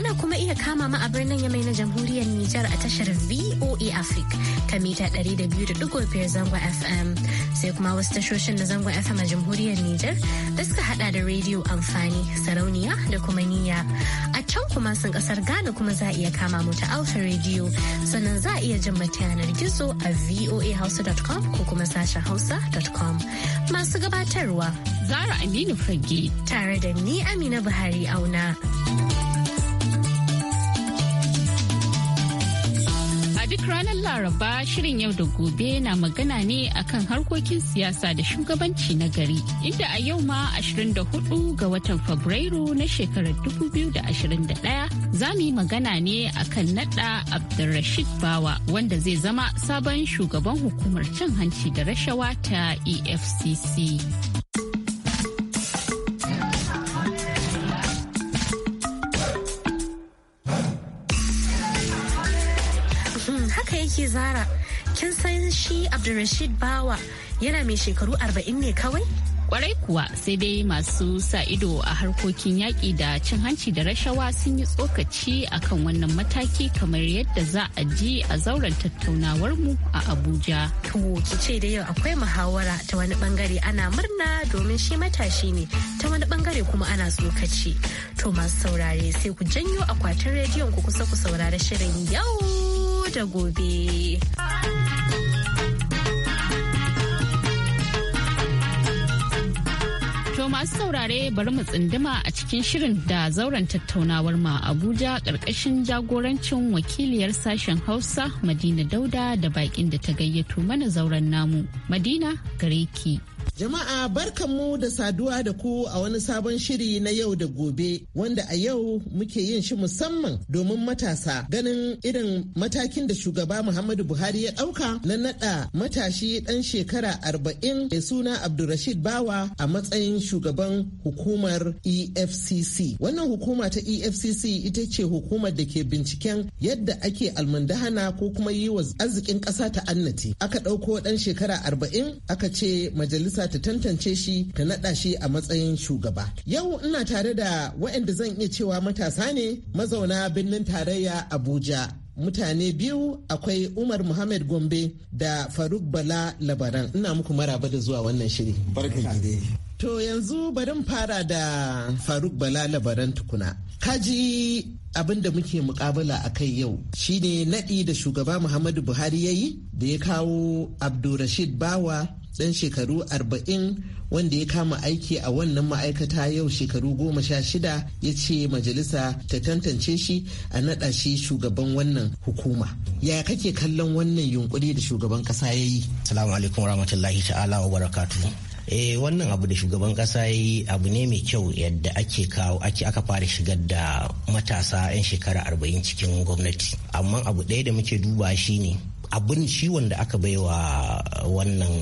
Ana kuma iya kama ma a birnin Yamai na Jamhuriyar Nijar a tashar VOA Africa ta mita 200.5 zango FM. Sai kuma wasu tashoshin na zango FM a Jamhuriyar Nijar da suka hada da rediyo amfani, sarauniya da kuma niyya. A can kuma sun kasar Ghana kuma za a iya kama mu ta Alpha Radio sannan za a iya jin mata yanar gizo a voahausa.com ko kuma sashen hausa.com. Masu gabatarwa. Zara Aminu Fage. Tare da ni Amina Buhari auna. ranar Laraba shirin yau da gobe na magana ne akan harkokin siyasa da shugabanci na gari. Inda a yau ma 24 ga watan Fabrairu na shekarar 2021 za mu yi magana ne akan nada Abdulrashid Bawa wanda zai zama sabon shugaban hukumar cin hanci da rashawa ta EFCC. zara kin san shi abdulrashid bawa yana mai shekaru arba'in ne kawai kwarai kuwa sai dai masu sa ido a harkokin yaƙi da cin hanci da rashawa sun yi tsokaci akan wannan mataki kamar yadda za a ji a zauren tattaunawar mu a abuja to ki ce da yau akwai muhawara ta wani bangare ana murna domin shi matashi ne ta wani bangare kuma ana tsokaci to masu saurare sai ku janyo akwatin rediyon ku kusa ku saurari shirin yau da gobe. To masu saurare bari mu tsindima a cikin shirin da zauren tattaunawar ma Abuja ƙarƙashin jagorancin wakiliyar sashen Hausa Madina Dauda da baƙin da ta gayyato mana zauren namu. Madina gare Jama'a barkanmu da saduwa da ku a wani sabon shiri na yau da gobe wanda a yau muke yin shi musamman domin matasa ganin irin matakin da shugaba Muhammadu Buhari ya ɗauka na naɗa matashi ɗan shekara arba'in mai suna Abdulrashid Bawa a matsayin shugaban hukumar EFCC. Wannan hukuma ta EFCC ita ce hukumar da ke binciken yadda ake almundahana ko kuma yi wa arzikin ƙasa ta annati. Aka ɗauko ɗan shekara arba'in aka ce majalisa. sa ta tantance shi ta naɗa shi a matsayin shugaba. Yau ina tare da waɗanda zan iya cewa matasa ne mazauna birnin tarayya Abuja. Mutane biyu akwai Umar Muhammad Gombe da Faruk Bala Labaran. Ina muku maraba da zuwa wannan shiri. To yanzu barin fara da Faruk Bala Labaran tukuna. Kaji abin da muke mukabala a kai yau shine nadi da shugaba Muhammadu Buhari ya yi da ya kawo Abdulrashid Bawa ɗan shekaru arba'in wanda ya kama aiki a wannan ma'aikata yau shekaru goma sha shida ya ce majalisa ta tantance shi a naɗa shi shugaban wannan hukuma Yaya kake kallon wannan yunkuri da shugaban ƙasa ya yi salamu alaikum warahmatullahi ta'ala wa barakatuhu eh wannan abu da shugaban kasa yi abu ne mai kyau yadda ake kawo ake aka fara shigar da matasa 'yan shekara arba'in cikin gwamnati amma abu ɗaya da muke duba shi ne. abin shi wanda aka baiwa wannan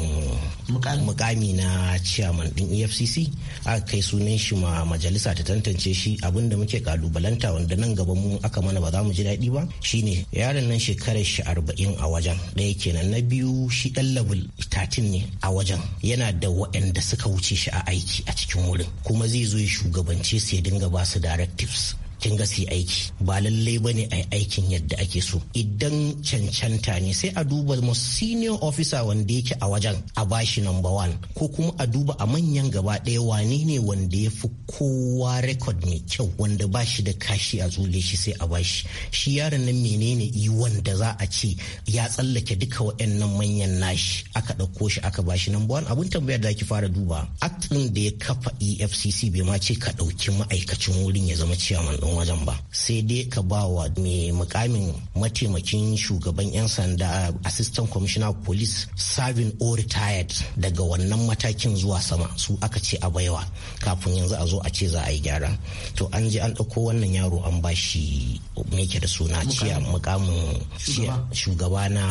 mukami na ciyaman din efcc aka kai sunan shi ma majalisa ta tantance shi abin da muke kalubalanta wanda nan gaba mu aka mana ba za mu ji daɗi ba shine yaron nan shekarar shi arba'in a wajen ɗaya kenan na biyu shi ɗan level 13 ne a wajen yana da waɗanda suka wuce shi a aiki a cikin wurin kuma zai zo ya shugabance su ya dinga ba su directives kin ga su aiki ba lallai bane a aikin yadda ake so idan cancanta ne sai a duba mu senior officer wanda yake a wajen a bashi number one ko kuma a duba a manyan gaba ɗaya wane ne wanda ya fi kowa record mai kyau wanda ba shi da kashi a tsule shi sai a bashi shi yaron nan menene yi wanda za a ce ya tsallake duka waɗannan manyan nashi aka ɗauko shi aka bashi number one abun tambayar da ake fara duba aktin da ya kafa EFCC bai ma ce ka ɗauki ma'aikacin wurin ya zama ciyaman shugaban wajen ba sai dai ka ba wa mai mukamin mataimakin shugaban 'yan sanda assistant commissioner police serving or retired daga wannan matakin zuwa sama su aka ce a baiwa kafin yanzu a zo a ce za a yi gyara to an je an ɗauko wannan yaro an ba shi meke da suna ciya mukamin shugaba na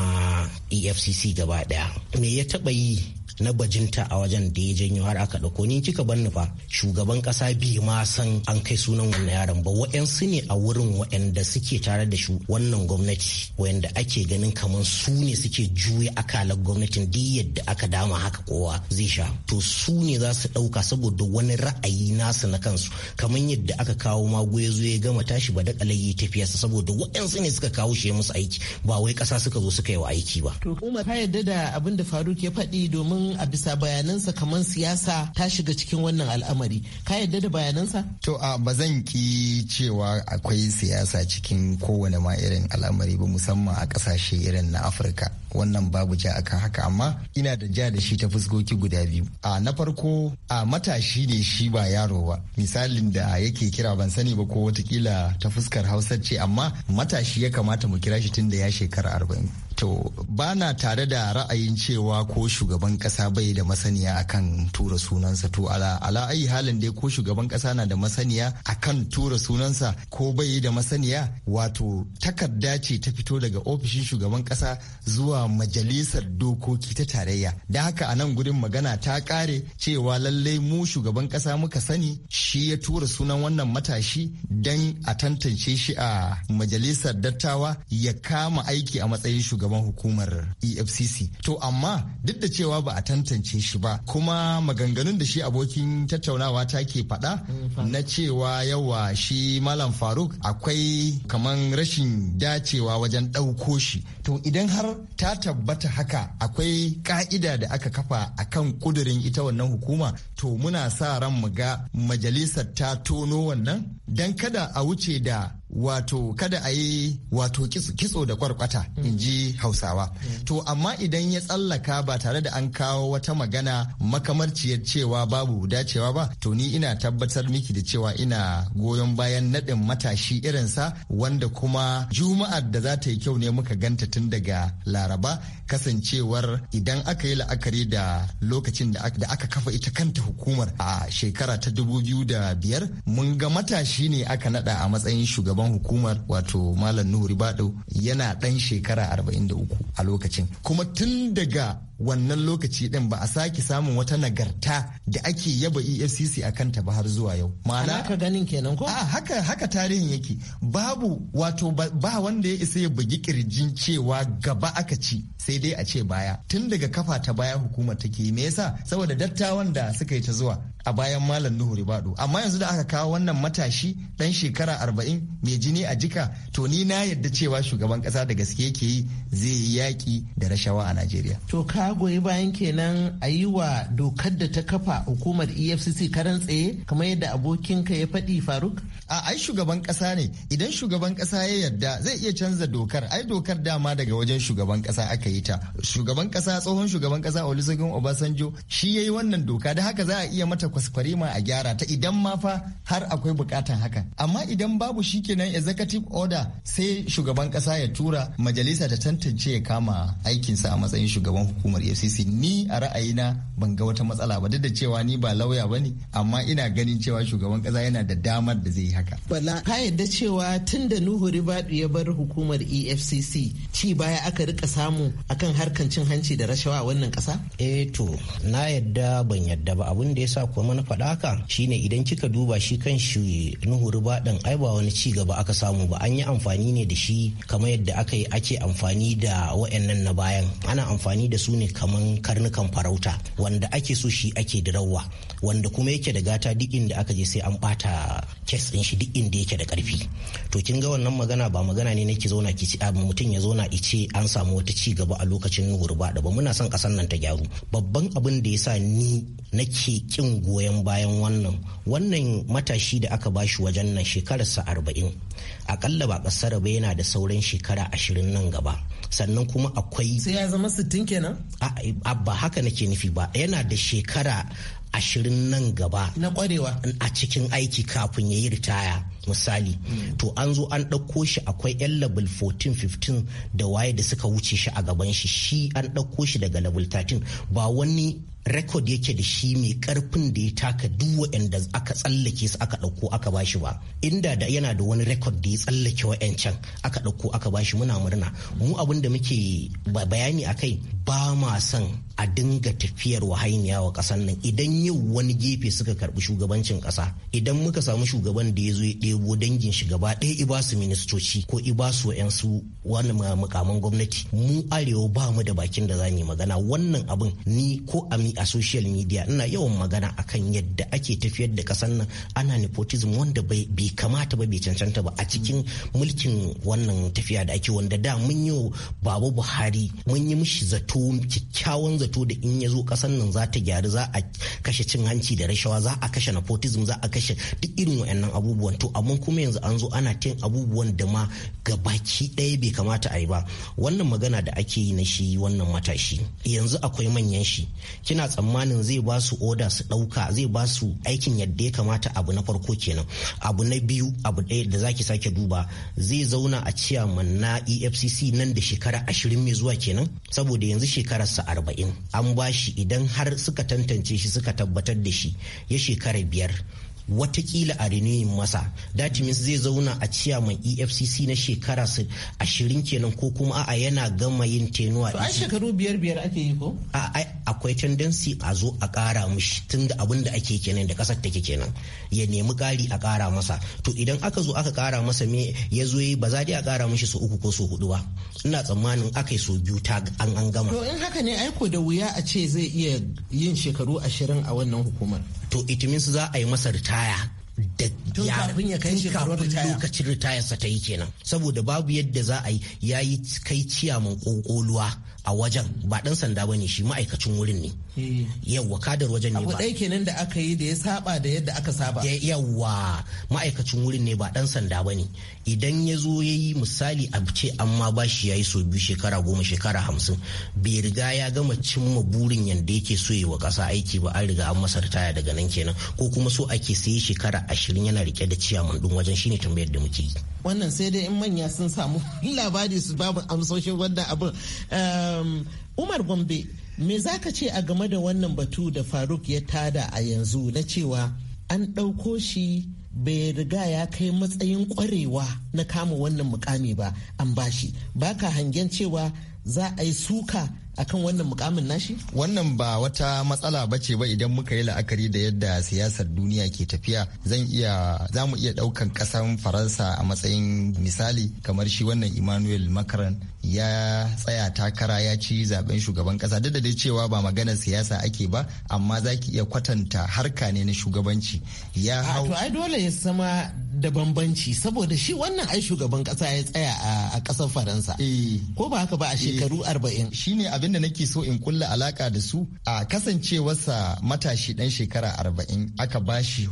efcc gaba daya me ya taɓa yi na bajinta a wajen da ya janyo har aka ɗauko ni kika banni fa shugaban kasa biyu ma san an kai sunan wannan yaron ba wa'yansu ne a wurin wa'yanda suke tare da shi wannan gwamnati wa'yanda ake ganin kamar su ne suke juya akalar gwamnatin da yadda aka dama haka kowa zai sha to su ne za su ɗauka saboda wani ra'ayi nasu na kansu kamar yadda aka kawo mago ya zo ya gama tashi ba da kalayi tafiyarsa saboda waɗansu ne suka kawo shi musu aiki ba wai ƙasa suka zo suka yi wa aiki ba. to kuma ka yadda da abin da faruk ya faɗi domin ganin a bisa bayanansa kamar siyasa ta shiga cikin wannan al'amari ka yadda da bayanansa to a ba zan ki cewa akwai siyasa cikin kowane ma irin al'amari ba musamman a kasashe irin na afirka wannan babu ja akan haka amma ina da ja da shi ta fuskoki guda biyu a na farko a matashi ne shi ba yaro ba misalin da yake kira ban sani ba ko watakila ta fuskar hausa ce amma matashi ya kamata mu kira shi tun da ya shekara arba'in To ba na tare da ra'ayin cewa ko shugaban kasa bai da masaniya akan tura sunansa to ala ala ayi halin dai ko shugaban kasa na da masaniya akan tura sunansa ko bai da masaniya wato takarda ce ta fito daga ofishin shugaban kasa zuwa majalisar dokoki ta tarayya da haka a nan gurin magana ta kare cewa lallai mu shugaban kasa muka sani shi ya tura sunan wannan matashi dan a tantance shi a majalisar dattawa ya kama aiki a matsayin shugaban shugaban hukumar efcc to amma duk da cewa ba a tantance shi ba kuma maganganun da shi abokin tattaunawa ta ke faɗa mm, na cewa yawa shi malam faruk akwai kaman rashin dacewa wajen ɗauko shi to idan har ta tabbata haka akwai ka'ida da aka kafa akan ƙudurin ita wannan hukuma to muna sa ran mu ga majalisar ta tono wannan don kada a wuce da wato kada a yi wato kitso da kwarkwata mm. in ji hausawa mm. to amma idan ya tsallaka ba tare da an kawo wata magana makamarciyar cewa babu dacewa ba to ni ina tabbatar miki da cewa ina goyon bayan naɗin matashi irinsa wanda kuma juma'ar da za ta yi kyau ne muka ganta tun daga laraba kasancewar idan aka yi la'akari da lokacin da aka kafa ita kanta hukumar a shekara ta dubu biyu da biyar mun ga matashi ne aka naɗa a matsayin shugaba shugaban hukumar wato malam nuhu ribadu yana dan shekara 43 a lokacin kuma tun daga wannan lokaci din ba a sake samun wata nagarta da ake yaba efcc a kanta ba har zuwa yau ma'ana haka ganin kenan ko a haka haka tarihin yake babu wato ba wanda ya isa ya bugi kirjin cewa gaba aka ci sai dai a ce baya tun daga kafa ta baya hukumar take me yasa saboda dattawan da suka yi ta zuwa a bayan malam nuhu ribado amma yanzu da aka kawo wannan matashi dan shekara arba'in mai jini a jika to ni na yadda cewa shugaban kasa da gaske yake yi zai yi yaƙi da rashawa a najeriya to ka goyi bayan kenan a yi wa dokar da ta kafa hukumar efcc karan tsaye kamar yadda abokinka ya faɗi faruk a ai shugaban kasa ne idan shugaban kasa ya yarda zai iya canza dokar ai dokar dama daga wajen shugaban kasa aka yi ta shugaban kasa tsohon shugaban ƙasa olusegun obasanjo shi ya yi wannan doka da haka za a iya mata kwaskwarima a gyara ta idan ma fa har akwai bukatan hakan amma idan babu shi kenan executive order sai shugaban kasa ya tura majalisa ta tantance ya kama aikinsa a matsayin shugaban hukumar umar sisi ni a ra'ayina ban ga wata matsala ba duk da cewa ni ba lauya ba ne amma ina ganin cewa shugaban kasa yana da damar da zai haka bala ka yadda cewa tun da nuhu ribadu ya bar hukumar efcc ci baya aka rika samu akan harkan cin hanci da rashawa wannan kasa eh to na yadda ban yadda ba abun da ya sa kuma na faɗa haka shine idan kika duba shi kan shi nuhu Ribadu ai ba wani ci gaba aka samu ba an yi amfani ne da shi kamar yadda aka yi ake amfani da wa'annan na bayan ana amfani da su ne kaman karnukan farauta wanda ake so shi ake da dirawa wanda kuma yake da gata duk inda aka je sai an bata kes din shi duk inda yake da karfi to kin ga wannan magana ba magana ne nake zauna ki ci abin mutum ya zauna ice an samu wata ci gaba a lokacin hurba da ba muna son kasan nan ta gyaru babban abin da yasa ni nake kin goyon bayan wannan wannan matashi da aka bashi wajen nan shekararsa arba'in akalla ba kasar ba yana da sauran shekara ashirin nan gaba sannan kuma akwai sai ya zama sittin kenan ba haka nake nufi ba yana da shekara ashirin nan gaba na kwarewa a cikin aiki kafin ya yi ritaya misali hmm. to an zo an ɗauko shi akwai 'yan level 14 15 da waye da suka wuce shi a gaban shi shi an ɗauko shi daga level 13 ba wani rekod yake da shi mai karfin da ya taka duk waɗanda aka tsallake su aka ɗauko aka bashi ba inda da yana da wani rekod da ya tsallake wa'yancan aka ɗauko aka bashi muna murna mu abin da muke bayani a kai ba ma son a dinga tafiyar wahainiya wa ƙasar nan idan yau wani gefe suka karɓi shugabancin ƙasa idan muka samu shugaban da ya zo ya ɗebo dangin shi gaba ɗaya ibasu ministoci ko ibasu wa'yansu wani mukamman gwamnati mu arewa ba mu da bakin da za mu magana wannan abin ni ko a a social media ina yawan magana akan yadda ake tafiyar da kasar nan ana nepotism wanda bai kamata ba bai cancanta ba a cikin mulkin wannan tafiya da ake wanda da mun yi babu buhari mun yi mishi zato kyakkyawan zato da in ya zo kasar nan za ta gyaru za a kashe cin hanci da rashawa za a kashe nepotism za a kashe duk irin wayannan abubuwan to amma kuma yanzu an zo ana cin abubuwan da ma gabaki ɗaya bai kamata a yi ba wannan magana da ake yi na shi wannan matashi yanzu akwai manyan shi ina tsammanin zai ba su oda su ɗauka zai ba su aikin yadda ya kamata abu na farko kenan abu na biyu abu ɗaya da zaki sake duba zai zauna a ciyaman na efcc nan da shekara ashirin mai zuwa kenan saboda yanzu shekararsa arba'in an ba shi idan har suka tantance shi suka tabbatar da shi ya shekara biyar watakila a renewing masa that means zai zauna a ciya mai efcc na shekara ashirin kenan ko kuma a yana gama yin tenuwa to ai shekaru biyar biyar ake yi ko akwai tendency a zo a kara mishi tun da abin da ake kenan da kasar take kenan ya nemi kari a kara masa to idan aka zo aka kara masa me ya zo yi ba za a kara mishi su uku ko su hudu ba ina tsammanin aka yi so biyu ta an an gama to in haka ne aiko da wuya a ce zai iya yin shekaru ashirin a wannan hukumar to it means za a yi masa ritaya da kafin ya kai shekarun lokacin ritayarsa ta yi kenan saboda babu yadda za a yi ya yi kai ciyaman kokoluwa a wajen ba dan sanda bane shi ma'aikacin wurin ne eh. yawwa kadar wajen ne ba abu kenan da aka yi da ya saba da yadda aka saba yawwa ma'aikacin wurin ne ba dan sanda bane idan ya zo ya yi misali a ce an ma ba shi ya yi so biyu shekara goma shekara hamsin bai riga ya gama cimma burin yadda yake so yi wa kasa aiki ba an riga an masa ritaya daga nan kenan ko kuma so ake sai shekara ashirin yana rike da ciyaman din wajen shine tambayar da muke yi wannan sai dai in manya sun samu labari su babu amsoshin wannan abin eh, Um, umar gombe me za ka ce a game da wannan batu da faruk ya tada a yanzu na cewa an ɗauko shi bai riga ya kai matsayin kwarewa na kama wannan mukami ba an bashi ba ka hangen cewa za a yi suka akan wannan mukamin nashi? Wannan ba wata matsala ba ce ba idan muka yi la'akari da yadda siyasar duniya ke tafiya zan iya za mu iya daukan kasan Faransa a matsayin misali kamar shi wannan Emmanuel Macron ya tsaya takara ya ci zaben shugaban kasa duk da dai cewa ba magana siyasa ake ba amma za ki iya kwatanta harka ne na shugabanci ya hau. ai dole ya zama da bambanci saboda shi wannan ai shugaban kasa ya tsaya a kasar faransa eh. ko ba haka ba a eh. shekaru arba'in shine abin da nake so in kulla alaka da su a kasancewarsa matashi dan shekara arba'in aka ba shi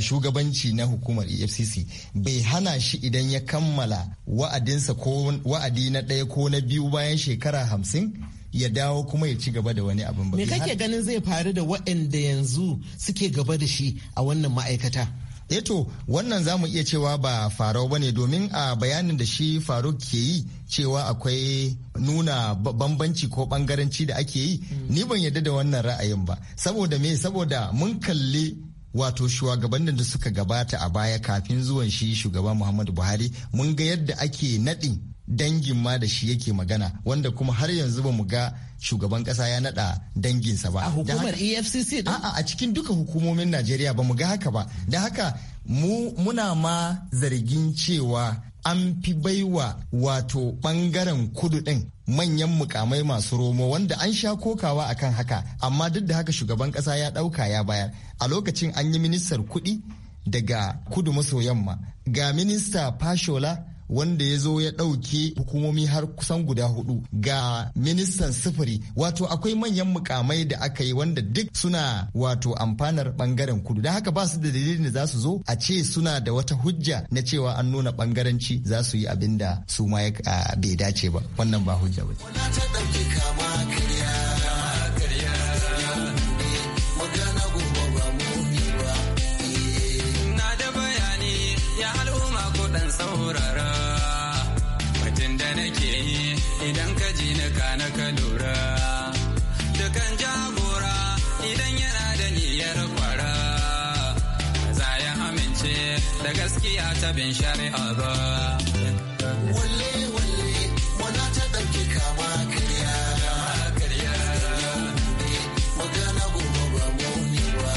shugabanci na hukumar efcc bai hana shi idan ya kammala wa'adinsa ko wa'adi na ɗaya ko na biyu bayan shekara hamsin ya dawo kuma ya ci gaba da wani abin ba. Me kake ganin zai faru da waɗanda yanzu suke gaba da shi a wannan ma'aikata? eto eh wannan za mu iya cewa ba farau ba ne domin a bayanin da shi faruk ke yi cewa akwai nuna bambanci ko bangaranci da ake yi hmm. ni ban yadda da wannan ra'ayin ba saboda me saboda mun kalli wato shugabannin da suka gabata a baya kafin zuwan shi shugaban muhammadu buhari mun ga yadda ake naɗin dangin ma da shi yake magana wanda kuma har yanzu ba mu ga shugaban kasa ya nada danginsa ba. A hukumar EFCC A'a a cikin duka hukumomin Najeriya ba mu ga haka ba. Da haka mu muna ma zargin cewa an fi baiwa wato bangaren kudu din manyan mukamai masu romo wanda an sha kokawa akan haka amma duk da haka shugaban kasa ya dauka ya bayar a lokacin an yi ministar kudi daga kudu maso yamma ga minista fashola wanda ya zo ya ɗauke hukumomi har kusan guda hudu ga ministan sufuri wato akwai manyan mukamai da aka yi wanda duk suna wato amfanar bangaren kudu don haka ba su da dalilin da za su zo a ce suna da wata hujja na cewa an nuna bangaranci za su yi abin da su ma bai dace ba wannan ba hujja ba saurara idan ka ji na kana ka lura dukan jagora idan yana da niyyar kwara za ya amince da gaskiya ta bin shari'a ba walle walle wana ta ɗauki kama karya magana gobe ba mu ne ba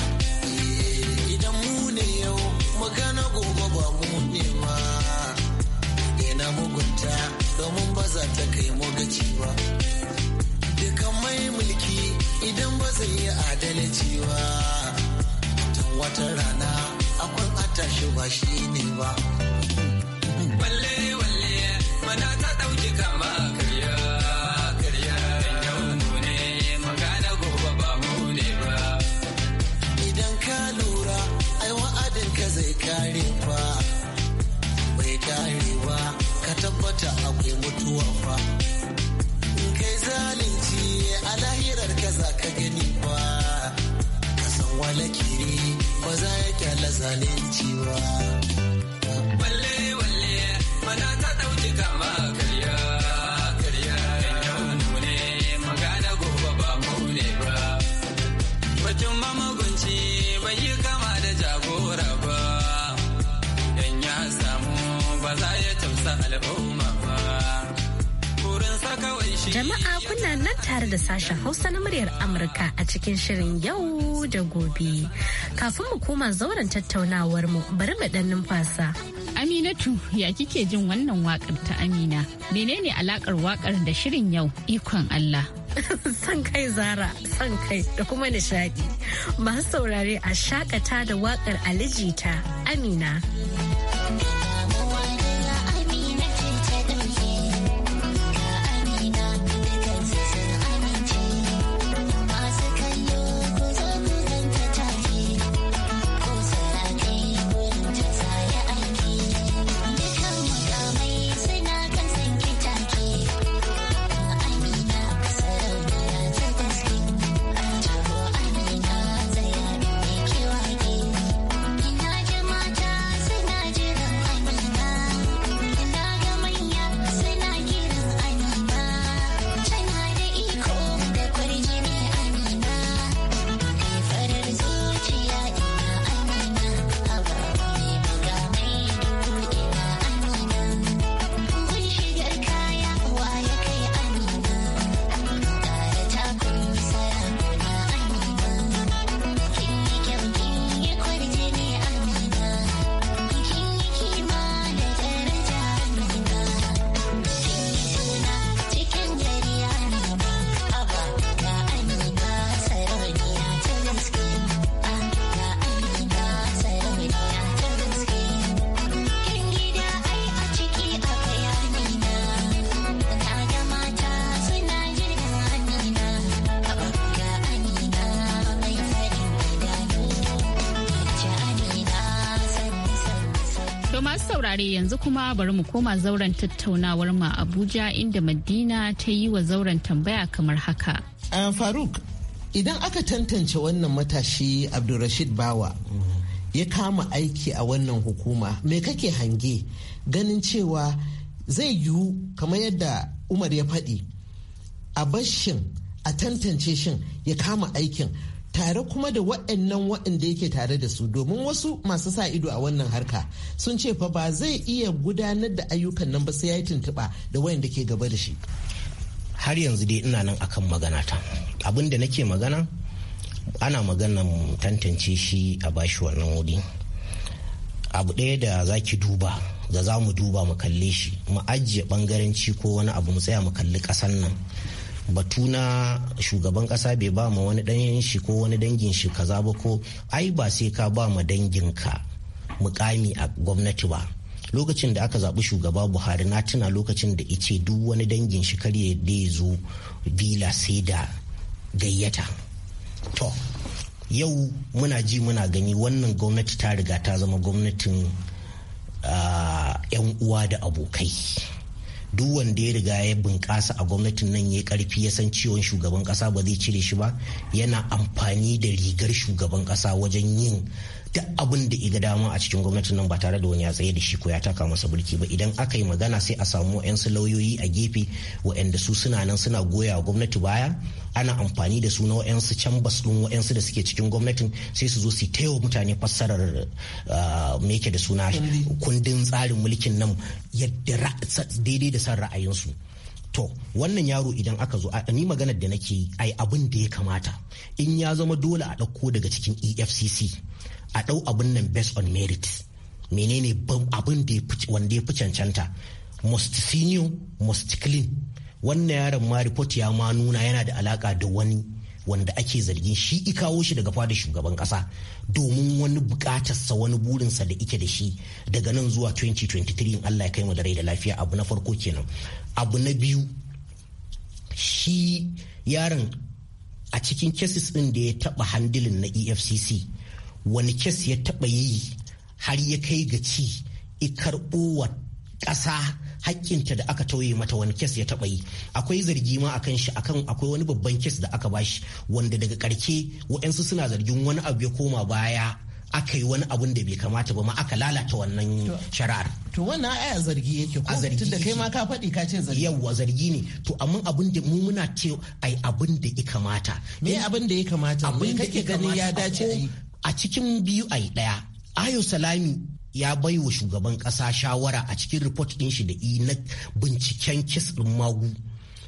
idan mu ne yau magana gobe ba mu ne ba ina mugunta domin ba za ta kai mu adalci dukan mai mulki idan ba zai yi adalci tun wata rana akwai atashi shi ba ba ba ka lura wa'adin zai kare fa kare ba ka tabbata akwai mutuwa fa zalunci ba. Walle walle, mana ta ɗauki kama Jama'a kuna nan tare da sashen Hausa na muryar Amurka a cikin shirin yau da gobe. Kafin mu koma zauren tattaunawar mu bari mu dan numfasa. Aminatu ya kike jin wannan wakar ta Amina? Menene alakar wakar da shirin yau ikon Allah? San kai zara, san kai da kuma nishadi. Masu saurare a shakata da wakar Alijita Amina. saurare yanzu kuma bari mu koma zauren tattaunawar ma Abuja inda Madina ta yi wa zauren tambaya kamar haka. Eh, Faruk, idan aka tantance wannan matashi Abdulrashid Bawa ya kama aiki a wannan hukuma, me kake hange ganin cewa zai yiwu kamar yadda Umar ya faɗi, a bashin a tantance shin ya kama aikin tare kuma da waɗannan waɗanda yake tare da su domin wasu masu sa ido a wannan harka sun ce fa ba zai iya gudanar da ayyukan nan ba sai ya yi tuntuɓa da waɗanda ke gaba da shi har yanzu dai ina nan akan magana ta abin da nake magana ana maganan tantance shi a bashi wannan wuri abu ɗaya da za ki duba da za mu duba mu kalle shi mu ajiye ɓangaranci ko wani abu mu tsaya mu kalli ƙasan nan batu na shugaban kasa bai ba ma wani ɗanyen shi ko wani dangin shi kaza ba ko ai ba sai ka ba ma dangin ka mukami a gwamnati ba lokacin da aka zaɓi shugaba buhari na tuna lokacin da ice duk wani dangin shi kar ya zo bila sai da gayyata to yau muna ji muna gani wannan gwamnati ta riga ta zama gwamnatin ah, 'yan uwa da abokai duk wanda ya riga ya bunƙasa a gwamnatin nan ya karfi ya san ciwon shugaban ƙasa ba zai cire shi ba yana amfani da rigar shugaban ƙasa wajen yin duk abin da iga dama a cikin gwamnatin nan ba tare da wani ya tsaye da shi ko ya taka masa bulki ba idan aka yi magana sai a samu 'yan lauyoyi a gefe waɗanda su suna nan suna goya wa gwamnati baya ana amfani da su na wa'yansu chambers din wa'yansu da suke cikin gwamnatin sai su zo su wa mutane fassarar ah, me da suna kundin tsarin mulkin nan yadda daidai da san ra'ayinsu to wannan yaro idan aka zo ni maganar da nake yi ai abin da ya kamata in ya zama dole a ɗauko daga cikin efcc a ɗau abin nan based on merit menene abin da wanda ya fi cancanta most senior most clean wannan yaron ma report ya ma nuna yana da alaka da wani wanda ake zargin shi ikawo shi daga fada shugaban kasa domin wani bukatarsa wani burinsa da ike da shi daga nan zuwa 2023 in Allah ya kai mu da rai da lafiya abu na farko kenan abu na biyu shi yaron a cikin cases din da ya taba handilin na EFCC wani kes ya taɓa yi har ya kai ga ci i karɓo wa ƙasa hakkinta da aka tauye mata wani kes ya taɓa yi akwai zargi ma akan shi akan akwai wani babban kes da aka bashi wanda daga ƙarke wa'ansu suna zargin wani abu ya koma baya aka yi wani abun da bai kamata ba ma aka lalata wannan shari'ar. To wannan aya zargi yake ko tun da kai ma ka faɗi ka ce zargi. Yawwa zargi ne to amma abun da mu muna ce ai abun da ya kamata. Me abun da ya kamata? Abun da kake gani ya dace a cikin biyu a ɗaya ayo salami ya bai wa shugaban ƙasa shawara a cikin report ɗin shi da i na binciken kis ɗin magu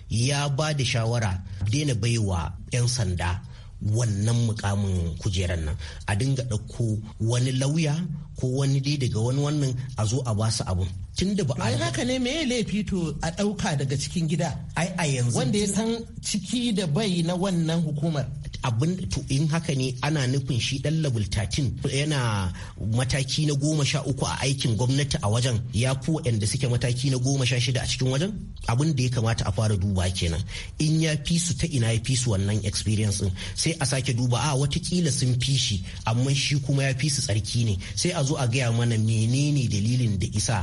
ya ba da shawara daina bai wa 'yan sanda wannan mukamin kujerar nan a dinga ɗauko wani lauya ko wani dai daga wani wannan a zo a basu abin. tun da ba a haka ne me laifi to a ɗauka daga cikin gida ai a yanzu wanda ya san ciki da bai na wannan hukumar abin to in haka ne ana nufin shi dan level 13 yana mataki na goma sha uku a aikin gwamnati a wajen ya fi waɗanda suke mataki na goma sha shida a cikin wajen abin da ya kamata a fara duba kenan in ya fi su ta ina ya fi su wannan experience din sai a sake duba a watakila sun fi shi amma shi kuma ya fi su tsarki ne sai a zo a gaya mana menene dalilin da isa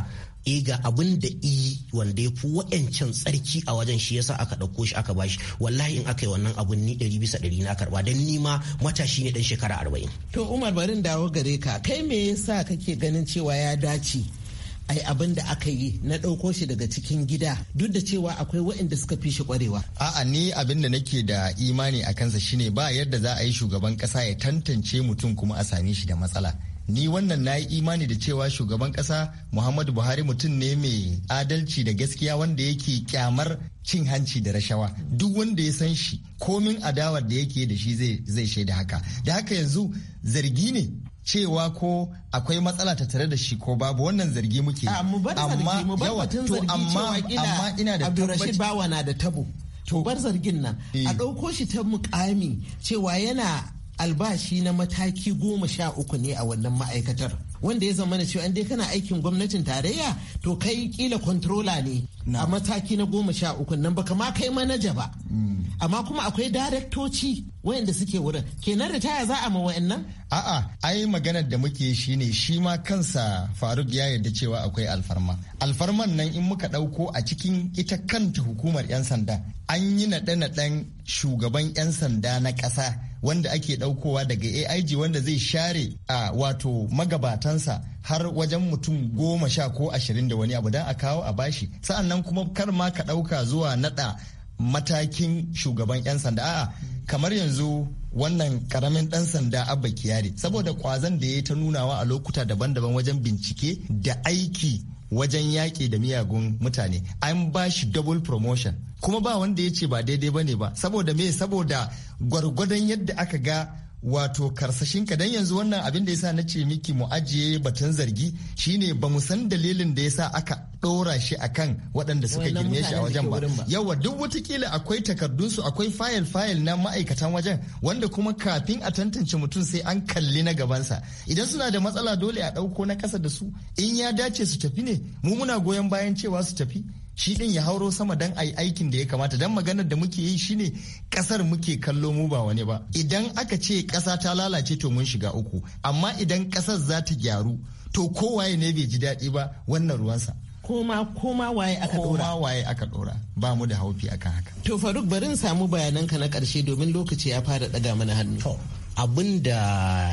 e ga abin da i e wanda ya fi wa'ancan tsarki a wajen shi yasa aka ɗauko shi aka bashi wallahi in aka yi wannan abun ni ɗari bisa ɗari na karɓa don ni ma matashi ne ɗan shekara arba'in. to umar barin dawo gare ka kai me yasa kake ganin cewa ya dace ai abin da aka yi na ɗauko shi daga cikin gida duk da cewa akwai waɗanda suka fi shi ƙwarewa. A'a ni abin da nake da imani a kansa shine ba yadda za a yi shugaban ƙasa ya tantance mutum kuma a same shi da matsala. ni wannan na yi imani da cewa shugaban kasa muhammadu buhari mutum ne mai adalci da gaskiya wanda yake kyamar cin hanci da rashawa duk wanda ya san shi komin adawar da yake da shi zai shaida haka da haka yanzu zargi ne cewa ko akwai matsala ta tare da shi ko babu wannan zargi muke amma yawa to amma ina da tabbaci bawa na da tabo to bar zargin nan a eh. ɗauko shi ta mukami cewa yana albashi na mataki goma sha uku ne a wannan ma'aikatar wanda ya zama na cewa an dai kana aikin gwamnatin tarayya to kai kila controller ne a mataki na goma sha uku nan baka ma kai manaja ba mm. amma kuma akwai daraktoci wayanda suke wurin kenan ritaya za a ma wayannan a'a ai maganar da muke shi ne shi ma kansa faruk ya yarda cewa akwai alfarma alfarman nan in muka dauko a cikin ita kanta hukumar yan sanda an yi naɗe-naɗen shugaban yan sanda na ƙasa wanda ake daukowa daga AIG wanda zai share a wato magabatansa har wajen mutum goma sha ko ashirin da wani abu don a kawo a bashi sa'an kuma kar ma ka dauka zuwa nada matakin shugaban 'yan sanda a'a kamar yanzu wannan karamin dan sanda abba kiyari saboda kwazon da ya ta nunawa a lokuta daban-daban wajen bincike da aiki wajen yaƙi da miyagun mutane an ba shi double promotion kuma ba wanda ya ce ba daidai ba ne ba saboda me saboda gwargwadon yadda aka ga wato karsashin ka dan yanzu wannan abin da yasa na ce miki mu ajiye batun zargi shine ba mu san dalilin da yasa aka ɗora shi akan waɗanda suka girme shi a wajen ba yawa duk watakila akwai takardun su akwai fayil fayil na ma'aikatan wajen wanda kuma kafin a tantance mutum sai an kalli na gabansa idan suna da matsala dole a ɗauko na kasa da su in ya dace su tafi ne mu muna goyon bayan cewa su tafi shi din ya hauro sama dan a aikin da ya kamata dan maganar da muke yi shine kasar muke kallo mu ba wani ba idan aka ce kasa ta lalace to mun shiga uku amma idan kasar za ta gyaru to kowaye ne bai ji daɗi ba wannan ruwansa koma koma waye aka dora koma waye aka dora ba mu da haufi akan haka to faruk bari in samu ka na karshe domin lokaci ya fara daga mana hannu abin da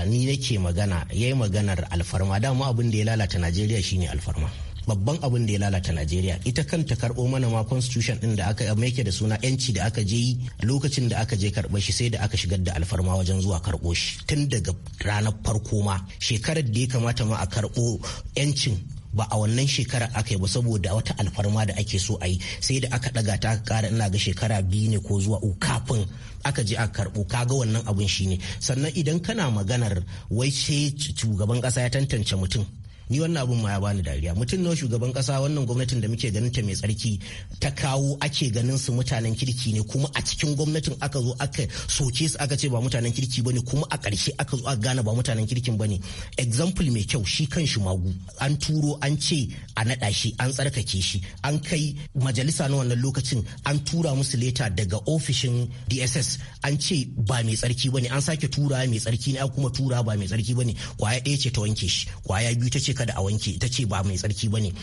ni nake magana yayi maganar alfarma dama abin da ya lalata najeriya shine alfarma babban abin da ya lalata najeriya ita kanta karɓo mana ma constitution din da aka make da suna yanci da aka je lokacin da aka je karɓar shi sai da aka shigar da alfarma wajen zuwa karɓo shi tun daga ranar farko ma shekarar da ya kamata ma a karɓo yancin ba a wannan shekarar aka yi ba saboda wata alfarma da ake so a yi sai da aka daga ta kara ina ga shekara biyu ne ko zuwa uku kafin aka je aka karbo kaga wannan abun shine sannan idan kana maganar wai shugaban ƙasa ya tantance mutum ni wannan abun ma ya bani dariya mutum nawa shugaban kasa wannan gwamnatin da muke ganin ta mai tsarki ta kawo ake ganin su mutanen kirki ne kuma a cikin gwamnatin aka zo aka soke su aka ce ba mutanen kirki bane kuma a ƙarshe aka zo aka gane ba mutanen kirkin bane example mai kyau shi kan shi magu an turo an ce a naɗa shi an tsarkake shi an kai majalisa na wannan lokacin an tura musu leta daga ofishin DSS an ce ba mai tsarki bane an sake tura mai tsarki ne kuma tura ba mai tsarki bane kwaya ɗaya ce ta wanke shi kwaya biyu ta ce kada a wanke ita ce ba mai tsarki ba ne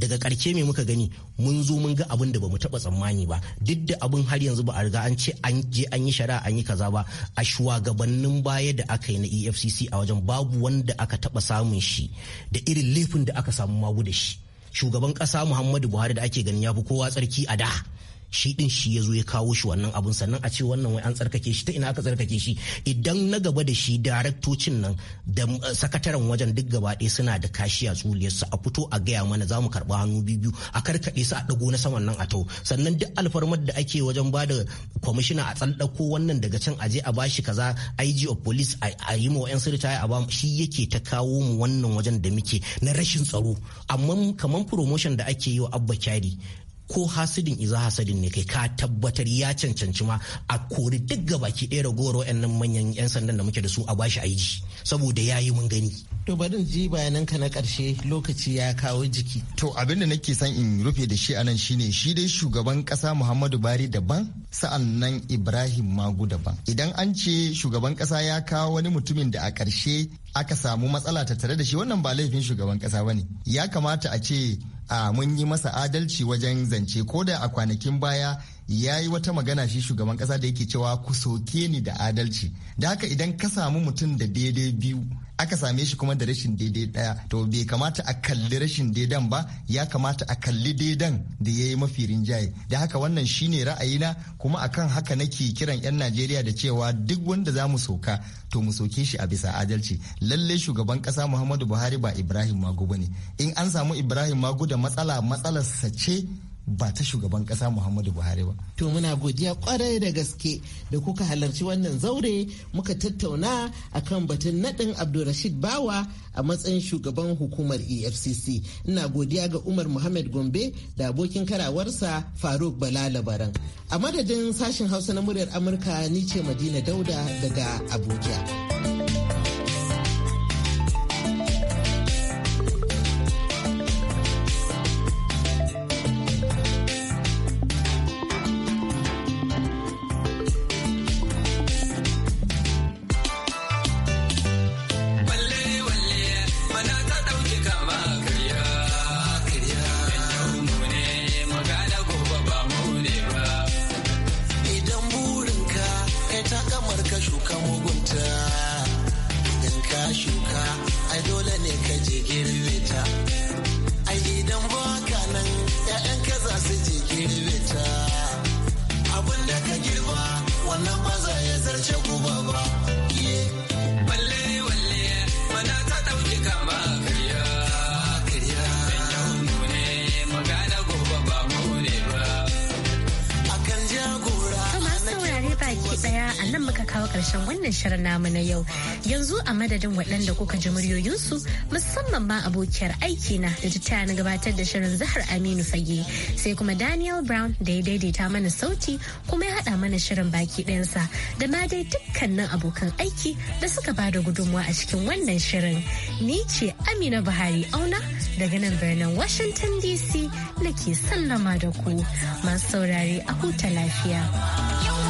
daga karke me muka gani mun zo mun ga abin da bamu taba tsammani ba duk da abin har yanzu ba a riga an ce an je an yi shari'a an yi kaza ba a shugabannin baya da aka yi na EFCC a wajen babu wanda aka taba samun shi da irin laifin da aka samu magu da shi shugaban kasa Muhammadu Buhari da ake ganin ya fi kowa tsarki a da shi din shi ya zo ya kawo shi wannan abun sannan a ce wannan wai an tsarkake shi ta ina aka tsarkake shi idan na gaba da shi daraktocin nan da uh, sakataren wajen duk gaba ɗaya suna da kashi a tsuliyarsu a fito a gaya mana za mu karɓi hannu biyu a karkaɗe su a ɗago na saman nan a tau sannan duk alfarmar da ake wajen ba da kwamishina a tsallako wannan daga can a je a ba shi kaza IG of police a yi ma wa'yan ritaya a ba shi yake ta kawo mu wannan wajen da muke na rashin tsaro amma kamar promotion da ake yi wa abba kyari ko hasidin iza hasadin ne kai ka tabbatar ya cancanci ma a kori duk ga baki ɗaya ragowar wa'annan manyan 'yan sandan da muke da su a bashi aiki saboda ya yi mun gani. To barin ji bayanan ka na ƙarshe lokaci ya kawo jiki. To abin da nake son in rufe da shi anan shine shi dai shugaban ƙasa Muhammadu bari daban sa'an nan Ibrahim Magu daban. Idan an ce shugaban ƙasa ya kawo wani mutumin da a ƙarshe aka samu matsala tattare da shi wannan ba laifin shugaban ƙasa ne Ya kamata a ce a mun yi masa adalci wajen zance ko da a kwanakin baya ya yi wata magana shi shugaban kasa da yake cewa ku soke ni da adalci da haka idan ka samu mutum da daidai biyu aka same shi kuma da rashin daidai daya to bai kamata a kalli rashin daidan ba ya kamata a kalli daidan da ya yi mafi rinjaye da haka wannan shine ra'ayina kuma akan haka nake kiran 'yan najeriya da cewa duk wanda za mu soka to mu soke shi a bisa adalci lalle shugaban kasa muhammadu buhari ba ibrahim magu ne in an samu ibrahim magu da matsala matsalarsa ce ba ta shugaban kasa muhammadu buhari ba to muna godiya kwarai da gaske da kuka halarci wannan zaure muka tattauna akan batun nadin abdulrashid bawa a matsayin shugaban hukumar efcc ina godiya ga umar muhammad gombe da abokin karawarsa faruk bala labaran a madadin sashen hausa na muryar amurka ni ce madina dauda daga abuja yanzu a madadin waɗanda kuka ji muryoyinsu musamman ma abokiyar aikina da ta na gabatar da shirin zahar aminu fage sai kuma daniel brown da ya daidaita mana sauti kuma ya haɗa mana shirin baki ɗayansa da ma dai dukkanin abokan aiki da suka ba da gudunmawa a cikin wannan shirin ni ce amina buhari auna daga nan birnin washington dc nake sallama da ku masu saurare a huta lafiya.